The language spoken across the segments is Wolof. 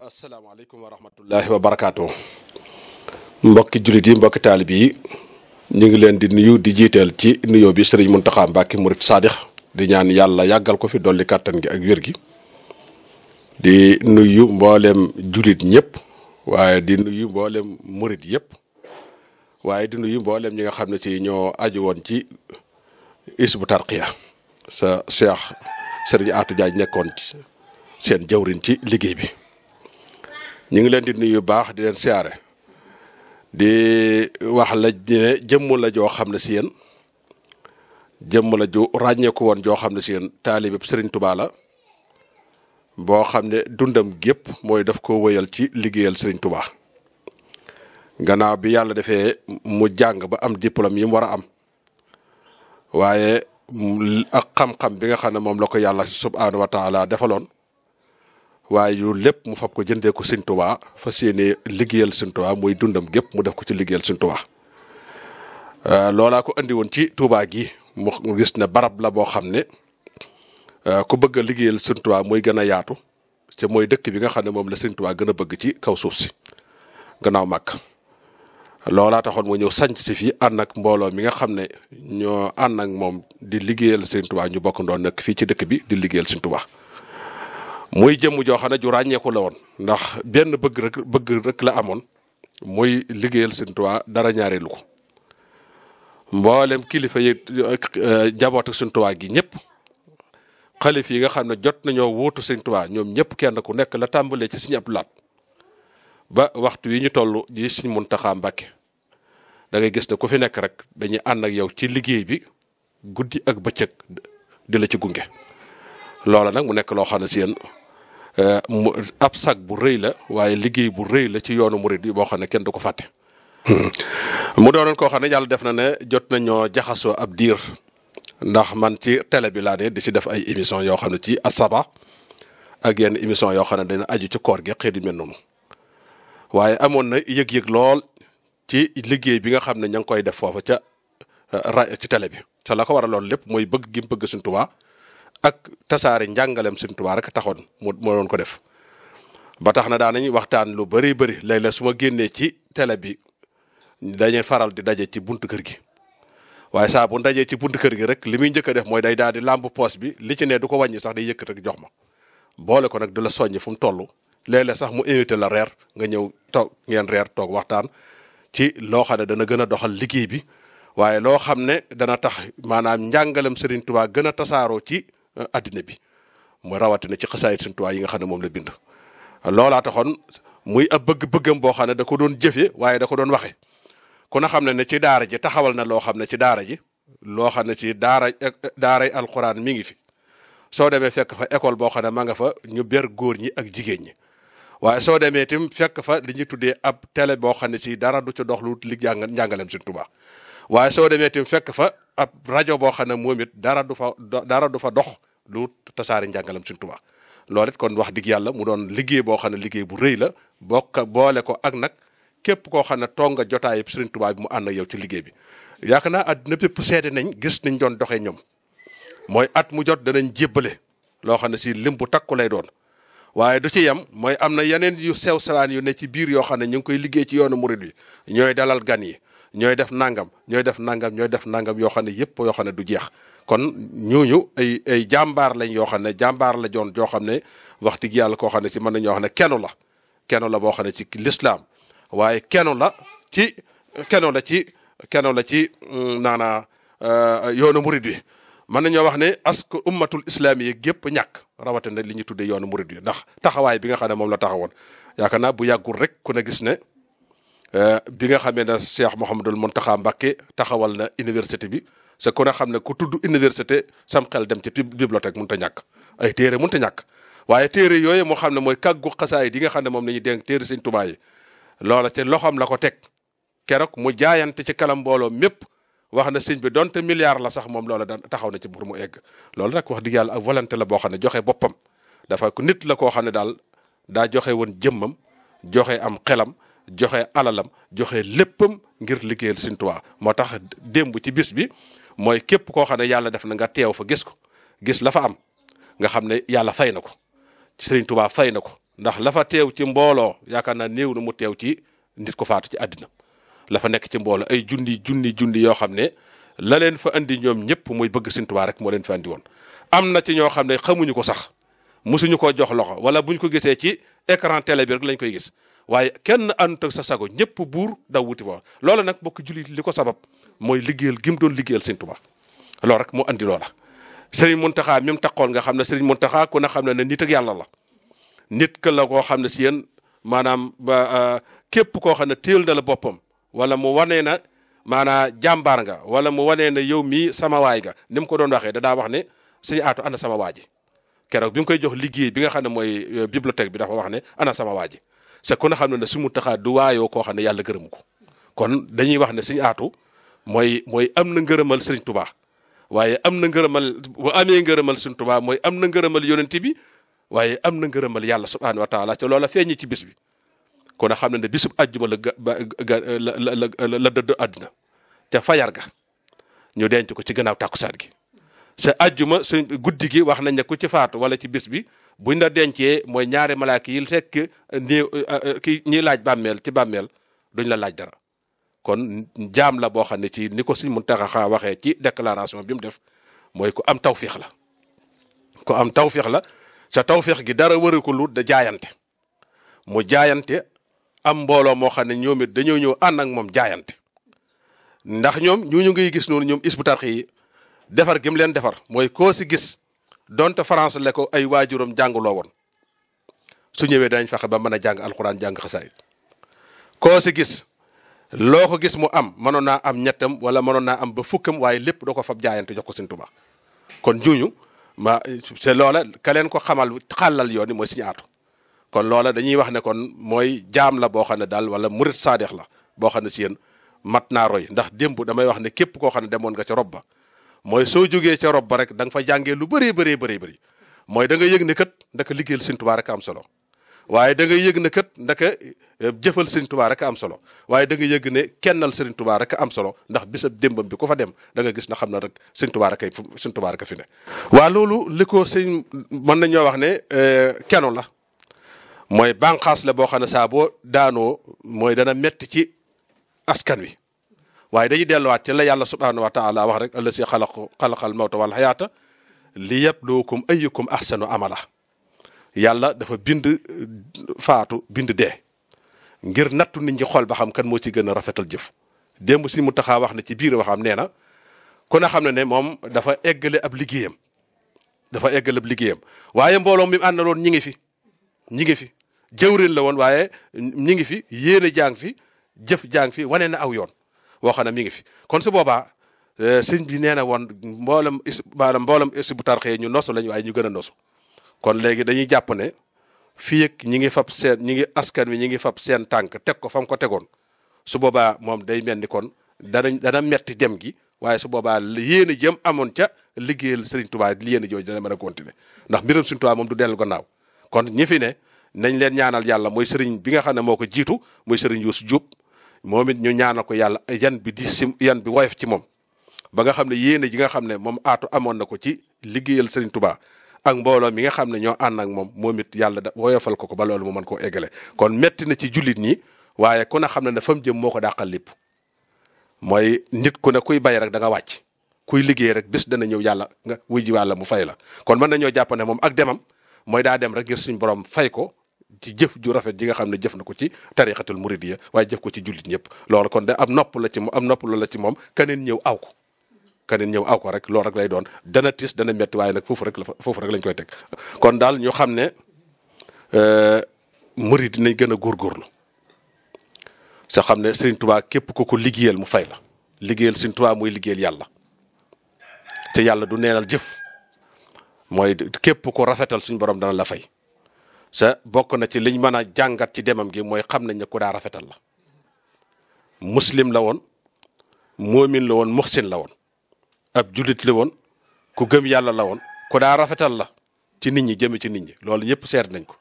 asalaamaaleykum wa rahmatullahi wa barakaatu. mbokki jullit yi mbokki taalib yi ñu ngi leen di nuyu di jiiteel ci nuyoo bi sëriñ Muntaxa mbakki murit saadix di ñaan yàlla yàggal ko fi dolli kàttan gi ak wér gi di nuyu mboolem jullit ñëpp waaye di nuyu mboolem murit yëpp waaye di nuyu mboolem ñi nga xam ne ci ñoo aju woon ci isbu tarqiya sa seex sëriñ Aatu Jaaj nekkoon seen jawrin ci liggéey bi ñu ngi leen di nuyu baax di leen siyaare di wax la ne jëmm la joo xam ne si yéen jëmm la ju ràññeeku woon joo xam ne si yéen taalibe Sëriñ tubaa la boo xam ne dundam gépp mooy def ko wëyal ci liggéeyal Sëriñ Tuubaa gannaaw bi yàlla defee mu jàng ba am diplôme yi mu war a am waaye ak xam-xam bi nga xam ne moom la ko yàlla subhaanahu wa taala defaloon waaye yu lépp mu fab ko jëndee ko Sëñ Tuubaa fa yéene liggéeyal Sëñ Tuubaa mooy dundam gépp mu def ko ci liggéeyal Sëñ Tuubaa euh, loolaa ko andi woon ci Tuubaa gi mu gis ne barab la boo xam ne euh, ku bëgg a liggéeyal Sëñ mooy gën a yaatu te mooy dëkk bi nga xam ne moom la Sëñ gën a bëgg ci kaw suuf si gannaaw màkk loolaa taxoon mu ñëw sanc si fii ànd ak mbooloo mi nga xam ne ñoo ànd ak moom di liggéeyal Sëñ Tuubaa ñu bokk ndoon nekk fii ci dëkk bi di liggéeyal Sëñ Tuubaa muy jëmm joo xam ne ju ràññeeku la woon ndax benn bëgg rek bëgg rek la amoon muy liggéeyal Sëriñ dara ñaareelu ko mboolem kilifa yi euh, jaboot ak Sëriñ gi ñëpp xalif yi nga xam ne jot nañoo wuutu Sëriñ ñoom ñëpp kenn ku nekk la tàmbalee ci Sëriñ Abdul Ahad ba waxtu yi ñu toll ji Sëriñ Muntaxa Mbàkke da gis ne ku fi nekk rek dañuy ànd ak yow ci liggéey bi guddi ak bëccëg di la ci gunge loola nag mu nekk loo xam ne si yéen Euh, ab sag bu rëy la waaye liggéey bu rëy la ci yoonu murid yi boo xam ne kenn du ko fàtte. Hmm. mu doonoon koo xam ne yàlla def na ne jot nañoo jaxasoo ab diir ndax man ci tele bi laa ne di ci def ay émission yoo xam ne ci asaba ak yenn émission yoo xam ne dina aju ci koor gi xeet yu mel noonu waaye amoon na yëg-yëg lool ci liggéey bi nga xam ne ña ngi koy def foofa ca euh, ra ci tele bi ca la ko waral loolu lépp mooy bëgg gi mu bëgg Sëriñ ak tasaare njàngaleem Sëñ Tuubaa rek taxoon mu moo doon ko def ba tax na daanañu waxtaan lu bëri bari léeg-léeg su ma génnee ci télé bi dañee faral di daje ci buntu kër gi waaye saa bu dajee ci buntu kër gi rek li muy njëkk a def mooy day daal di làmb poos bi li ci ne du ko wàññi sax day yëkkat rek jox ma boole ko nag du la soññ fu mu toll léeg-léeg sax mu invité la reer nga ñëw toog ngeen reer toog waxtaan ci loo xam ne dana gën a doxal liggéey bi waaye loo xam ne dana tax maanaam njàngalem Serigne Touba gën a tasaaroo ci addina bi mu rawatina ci xasaayit Sëñ Tuubaa yi nga xam ne moom la bind loolaa taxoon muy ab bëgg-bëggam boo xam ne da ko doon jëfe waaye da doon waxe ku na xam na ne ci daara ji taxawal na loo xam ne ci daara ji loo xam ne ci daara daaray alxuraan mi ngi fi soo demee fekk fa école boo xam ne ma nga fa ñu ber góor ñi ak jigéen ñi waaye soo demee itam fekk fa li ñuy tuddee ab télé boo xam ne si dara du ci dox lu li jàng njàngaleem waaye soo demee fekk fa ab rajo boo xam ne moom it dara du fa dara du dox lu tasaare njàngalam Sëriñ Tuubaa loolu it kon wax dëgg yàlla mu doon liggéey boo xam ne liggéey bu rëy la bokk boole ko ak nag képp koo xam ne toog nga jotaay Sëriñ Tuubaa bi mu ànd yow ci liggéey bi yaakaar naa àdduna bépp seede nañ gis niñ doon doxee ñoom mooy at mu jot danañ jébbale loo xam ne si lim takku lay doon waaye du ci yem mooy am na yeneen yu sew sewaan yu ne ci biir yoo xam ne ñu ngi koy liggéey ci yoonu murit bi ñooy dalal gan yi ñooy def nangam ñooy def nangam ñooy def nangam yoo xam ne yëpp yoo xam ne du jeex kon ñooñu ay ay jàmbaar lañ yoo xam ne jàmbaar la joon joo xam ne wax dëgg yàlla koo xam ne ci mën nañoo wax ne kenn la kenn la boo xam ne ci lislaam waaye kenn la ci kenn la ci kenn la ci mm, naana euh, yoonu murid wi mën nañoo wax ne ask ummatul islami yi gépp ñàkk rawatina li ñu tuddee yoonu murid wi ndax taxawaay bi nga xam ne moom la taxawoon yaakaar naa bu yàggul rek ku ne gis ne Eh, bi nga xamee ne Cheikh Mouhamadul Mountakha Mbacké taxawal na université bi sa ko na xam ne ku tudd université sam xel dem ci bibliothèque mënut ta ñàkk ay téere mënut a ñàkk waaye téere yooyu moo xam ne mooy kàggu xasaay yi nga xam ne moom la ñu dénk téere Sëñ Tuubaa yi loola ca loxoom la ko teg keroog mu jaayante ci kalam mbooloo mépp wax na sëñ bi donte milliard la sax moom loola daan taxaw na ci pour mu egg loolu rek wax dëgg yàlla ak volonté la boo xam ne joxe boppam dafa ko nit la koo xam ne daal daa joxe woon jëmmam joxe am xelam joxe alalam joxe léppam ngir liggéeyal Sëriñ moo tax démb ci bis bi mooy képp koo xam ne yàlla def na nga teew fa gis ko gis la am nga xam ne yàlla fay na ko Sëriñ Tuubaa fay na ko ndax lafa fa teew ci mbooloo yaakaar naa néew na mu teew ci nit ko faatu ci àddina lafa nekk ci mbooloo ay junni junni junni yoo xam ne la leen fa andi ñoom ñëpp mooy bëgg Sëriñ Tuubaa rek moo leen fa andi woon am na ci ñoo xam ne xamuñu ko sax mosuñu ko jox loxo wala buñ ko gisee ci écran bi rek lañ koy gis waaye kenn àndut ak sa sago ñëpp buur daw wuti ba loola nag mbokk jullit li ko sabab mooy liggéeyal gim doon liggéeyal Sëriñ Tuubaa loolu rek moo andi loola. Sëriñ Muntaxa mi mu taxoon nga xam ne Sëriñ Muntaxa ku ne xam ne ne nit ak yàlla la nit ka la koo xam ne si yéen maanaam ba euh, képp koo xam ne téel na la boppam wala mu wane na maanaa jàmbaar nga wala mu wane na yow mii sama waay nga ni mu ko doon waxee dadaa wax ne suñu aatu ana sama waaji keroog bi mu koy jox liggéey bi nga xam ne mooy euh, bibliothèque bi dafa wax ne ana sama waa sa kon ne xam ne ne su mu taxaa du waayoo koo xam ne yàlla gërëm ko kon dañuy wax ne suñu aatu mooy mooy am na ngërëmal sëriñ tubaax waaye am na ngërëmal bu amee ngërëmal tubaa mooy am na ngërëmal yonent bi waaye am na ngërëmal yàlla subhaanahu wa taala ca loola feeñi ci bis kon a xam ne ne bisub àjjuma la la la la dëdd àdduna te fayar ga ñu denc ko ci gannaaw tàkkusaan gi sa ajjuma sa guddi gi wax nañ ne ku ci faatu wala ci bis bi buñ la dencee mooy ñaari malaaka yi fekk eh, néew eh, eh, ki ñiy laaj bàmmeel ci bàmmeel duñ la laaj dara kon jaam la boo xam ne ci ni ko si xa waxee ci déclaration bi mu def mooy ku am tawféex la ku am tawféex la sa tawféex gi dara wëru ko lu da jaayante moo jaayante am mbooloo moo xam ne ñoom it dañoo ñëw ànd ak moom jaayante ndax ñoom ñu ñu ngi gis noonu ñoom isbu tarxi yi defar gim leen defar mooy koo si gis donte France le ko ay waajuram jànguloo woon su ñëwee danañ fexe ba mën a jàng alxuraan jàng xasaayit koo si gis loo ko gis mu am mënoon naa am ñettam wala mënoon naa am ba fukkam waaye lépp doo ko fab jaayante jox ko Sëñ Tuubaa kon juñu ma c' loola ke leen ko xamal xàllal yoon yi mooy Sëñ Aatu kon loola dañuy wax ne kon mooy jaam la boo xam ne daal wala murit saadex la boo xam ne si yéen mat naa roy ndax démb damay wax ne képp koo xam ne demoon nga ci rob mooy soo jógee ca rob ba rek da nga fa jàngee lu bëree bëree bëree bëri mooy da nga yëg ne kat ndaka liggéeyal Sëñ am solo waaye da nga yëg ne eh, jëfal Sëñ tubaar rek am solo waaye da nga yëg ne kennal Sëñ tubaar rek am solo ndax bisab démbam bi ko fa dem danga nga gis na xam na rek Sëñ Tuubaa rek ay Sëñ fi ne waa loolu li ko sëñ mën nañoo wax ne eh, kenu la mooy bànqaas la boo xam ne saa daanoo mooy dana metti ci askan wi waaye dañuy delluwaat ci la yàlla subhanahu wa taala wax rek allasi xalaqu xalaqal mawta wal xayaata li yabluukum ayyukum ahsanu amala yàlla dafa bind faatu bind dee ngir nattu ni ñi xool ba xam kan moo ci gën a rafetal jëf démb si mu taxaa wax na ci biir waxam nee na ku na xam ne ne moom dafa eggale ab liggéeyam dafa eggale ab liggéeyam waaye mbooloo mi àndaloon ñi ngi fi ñi ngi fi jëwrin la woon waaye ñi ngi fi yéene jàng fi jëf jàng fi wane na aw yoon woo xam mi ngi fi kon su boobaa eh, sëñ bi nee na woon mboolem is maanaam mboolem bu tarxee ñu nosu lañ waaye ñu gën a nosu kon léegi dañuy jàpp ne fii ak ñi ngi fab seen ñi ngi askan wi ñi ngi fab seen tànk teg ko fa mu ko tegoon su boobaa moom day mel ni kon danañ dana metti dem gi waaye su boobaa yéen a jëm amoon ca liggéeyal Serigne Touba li yéen a jooju dana mën a continuer ndax mbiram Serigne Touba moom du dellu gannaaw kon ñi fi ne nañ leen ñaanal yàlla mooy Serigne bi nga xam ne moo ko jiitu muy Serigne Youssou Diop moom it ñu ñaanal ko yàlla yan bi di sim yan bi woyof ci moom ba nga xam ne yéene ji nga xam ne moom aatu amoon na ko ci liggéeyal Serigne tubaa ak mbooloo mi nga xam ne ñoo ànd ak moom moom it yàlla da woyofal ko ko ba loolu mu man koo eggale kon metti na ci jullit ñi waaye ku na xam ne ne fa jëm moo ko dàqal lépp mooy nit ku ne kuy bay rek danga wàcc kuy liggéey rek bés dana ñëw yàlla nga wuy ji wàlla mu fay la kon mën nañoo jàpp ne moom ak demam mooy daa dem rek ngir suñ borom fay ko ci jëf ju rafet ji xam ne jëf na ko ci tarixatul muridiyya waaye jëf ko ci jullit ñëpp loolu kon de am nopp la ci moom am nopp loolu la ci moom keneen ñëw aw ko keneen ñëw aw ko rek loolu rek lay doon dana tiis dana metti waaye nag foofu rek la foofu rek lañ koy teg kon daal ñu xam ne euh, murid nañ gën a góorgóorlu sa xam ne Sëriñ tubaa képp ku ko liggéeyal mu fay la liggéeyal Sëriñ Tuubaa mooy liggéeyal yàlla te yàlla du neenal jëf mooy képp ko rafetal suñu borom dana la fay sa bokk na ci liñ mën a jàngat ci demam gi mooy xam nañ ne ku daa rafetal la muslim la woon moomin la woon muxsin la woon ab jullit la woon ku gëm yàlla la woon ku daa rafetal la ci nit ñi jëme ci nit ñi loolu ñëpp seet nañ ko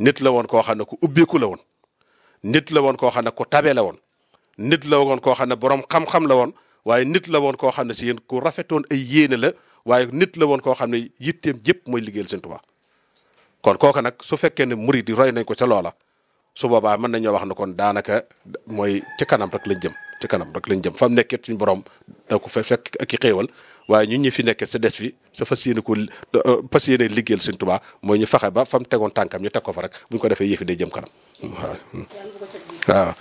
nit la woon koo xam ne ku ubbeeku la woon nit la woon koo xam ne ku tabe la woon nit la woon koo xam ne borom xam-xam la woon waaye nit la woon koo xam ne si yéen ku rafetoon ay yéene la waaye nit la woon koo xam ne yitteem jëpp mooy liggéeyal Sëñ Tuubaa kon kooka nag su fekkee ne murid yi roy nañ ko ca loola su boobaa mën nañoo wax ne kon daanaka mooy ci kanam rek lañ jëm ci kanam rek lañ jëm fa mu nekkee suñu borom da ko fa fekk ak i xéewal waaye ñun ñi fi nekkee sa des fi sa fas yéene ko fas yéene liggéeyal Sëñ Tuubaa mooy ñu faxe ba fa mu tegoon tànkam ñu teg ko fa rek bu ñu ko defee yëfi day jëm kanam waaw waaw